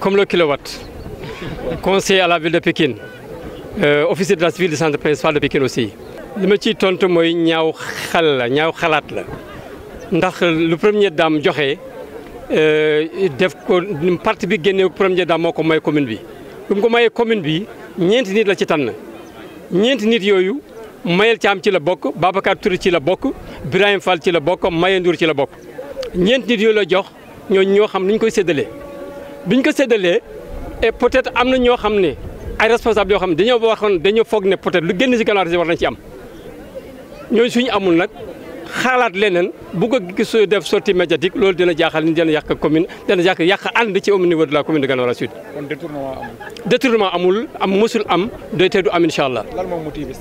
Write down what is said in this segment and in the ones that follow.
comme le kilowatt, conseiller à la ville de Pékin, euh, officier de la ville du centre principal de Pékin aussi. Le ma la dame dame commune bi ko commune bi de la ci nit yoyu Mayel ci la bok Babacar tour ci la bok ibrahim Fall ci la bok Maye ci la bok ñent nit la jox ñoo ñoo xam biñ ko séddalee et peut-être am na ñoo xam ne ay responsable yoo xam ne dañoo waxoon dañoo foog ne peut-être lu génn si gànnaaw si war nañ ci am ñooñu suñu amul nag xaalaat leneen bu ko gis def sortie médiatique loolu dina jaaxal ni dina yàq commune dina yàq yàq ànd ci au niveau de la commune de Guinaw Rail Sud. kon détournement amul. détournement amul am mosul am doy te du am incha allah. lan moo motivé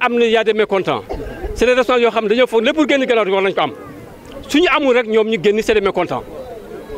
am na y' a des mécontents c' yoo xam ne ñoo foog lépp lu génn gànnaaw ñoom ñu génn c' est des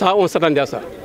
सा उनसठ अंजा